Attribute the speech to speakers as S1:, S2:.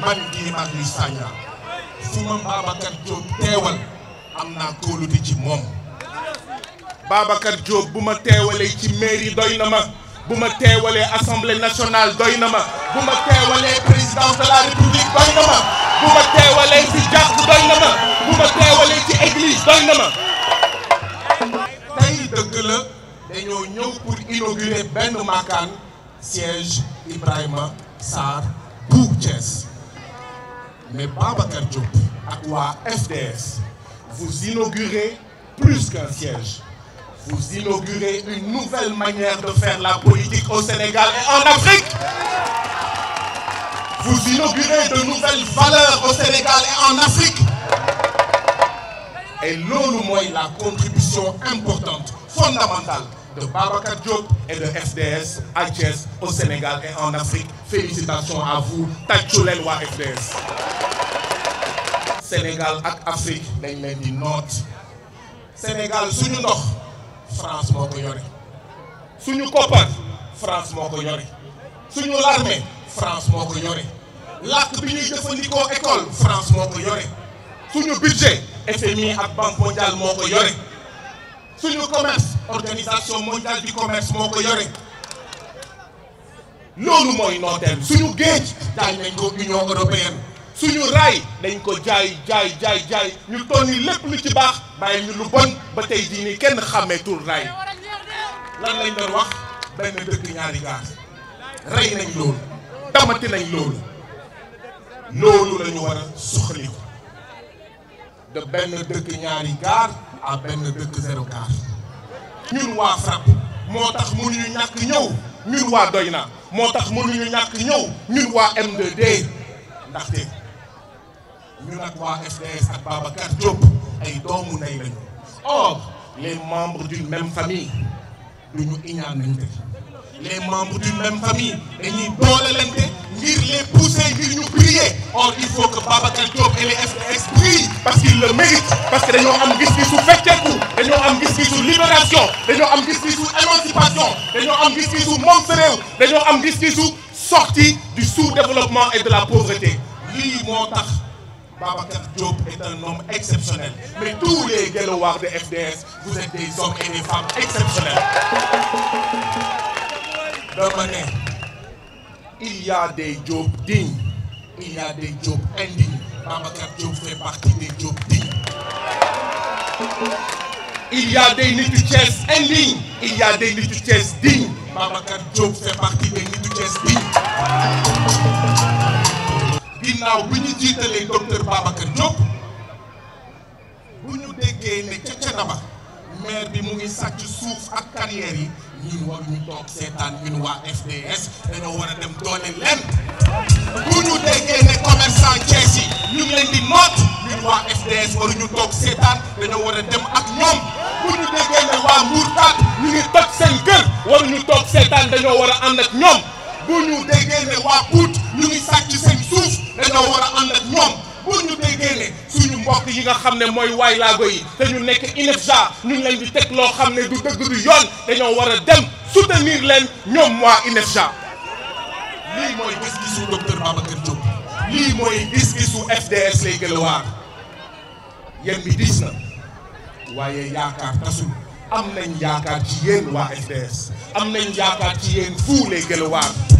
S1: man Guy Marius Sagna fu ma Babacar Diop teewal am naa kóolute ci moom Babacar Diop bu ma teewalee ci mairie doy na ma bu ma teewalee assemblée nationale doy na ma bu ma teewalee président la république doy na ma bu ma teewalee ci jàpp doy na ma bu ma teewalee ci église doy na ma tey dëgg la dañoo ñëw pour inaugurer benn maakaan siège Ibrahima Sarr bu Thiès Mais Babacar Diop à FDS vous inaugurez plus qu'un siège vous inaugurez une nouvelle manière de faire la politique au Sénégal et en Afrique vous inaugurez de nouvelles valeurs au Sénégal et en Afrique et ou moins la contribution importante fondamentale de Babacar Diop et de FDS à au Sénégal et en Afrique félicitations à vous tachoule loi FDS Sénégal ak Afrique dañ leen di noot Sénégal suñu ndox France moo ko yore suñu koppar France moo ko yore suñu l'armée France moo ko yore làkk bi ñuy jëfandikoo école France moo ko suñu budget FMI ak Banque mondiale moo ko yore suñu commerce organisation mondiale du commerce moo ko yore loolu mooy nooteel suñu géej jaay nañ ko Union européenne suñu raay dañ ko jaay jaay jaay jaay ñu yi lépp lu ci baax bàyyi ñu lu bon ba tey jii nii kenn xàmmeetul raay lan lañ doon wax benn dëkk ñaari gaar rey nañ loolu damati nañ loolu loolu la ñu war a soxaliku de benn dëkk ñaari gaar à benn dëkk zéro gaar ñun waa FRAPP moo tax mënuñu ñàkk ñëw ñun waa Doyna moo tax mënuñu ñàkk ñëw ñun waa m 2 ndaxte or les membres d'une même famille nous nous les membres d'une même famille dañuy boolelante ngir les pousser nous nous prier. or il faut que Babacar Diop et les FDS prient parce qu'ils le méritent parce que ont am sous gisu fekkeeku dañoo am gis sous libération dañoo am gis sous émancipation les am gis-gisu moom am sortie du sous-développement et de la pauvreté Lui, mon Babacar Diop est un homme exceptionnel. Mais tous les Guéloirs de FDS, vous êtes des hommes et des femmes exceptionnels. il y a des jobs dignes il y a des jobs indignes Babacar Diop fait partie des jobs dignes. il y a des nitu ending, indignes il y a des nitu ding. dignes Babacar Diop fait partie gannaaw bi ñu jiitalee docteur Babacar Diop bu ñu déggee ne ca Thiénaba maire bi mu ngi sàcc suuf ak carrière yi ñun waruñu toog seetaan ñun waa dañoo war a dem doole leen bu ñu déggee ne commerçant Thiès yi ñu ngi leen di waruñu toog seetaan dañoo war dem ak ñoom bu ñu déggee ne waa Mbourkat ñu ngi toj seen kër waruñu toog seetaan dañoo war a ànd ñoom bu ñu déggee ne yi nga xam ne mooy waay laago yi te ñu nekk INEFJA ñu loo xam ne du dëgg du yoon dañoo war a dem soutenir leen ñoom waa INEFJA lii mooy gis-gisu docteur lii mooy gis-gisu FDS lay gëlawaar yéen bi diis na waaye yaakaar tasul am nañ yaakaar ci yéen waa FDS am nañu yaakaar ci yéen fuu lay gëlawaar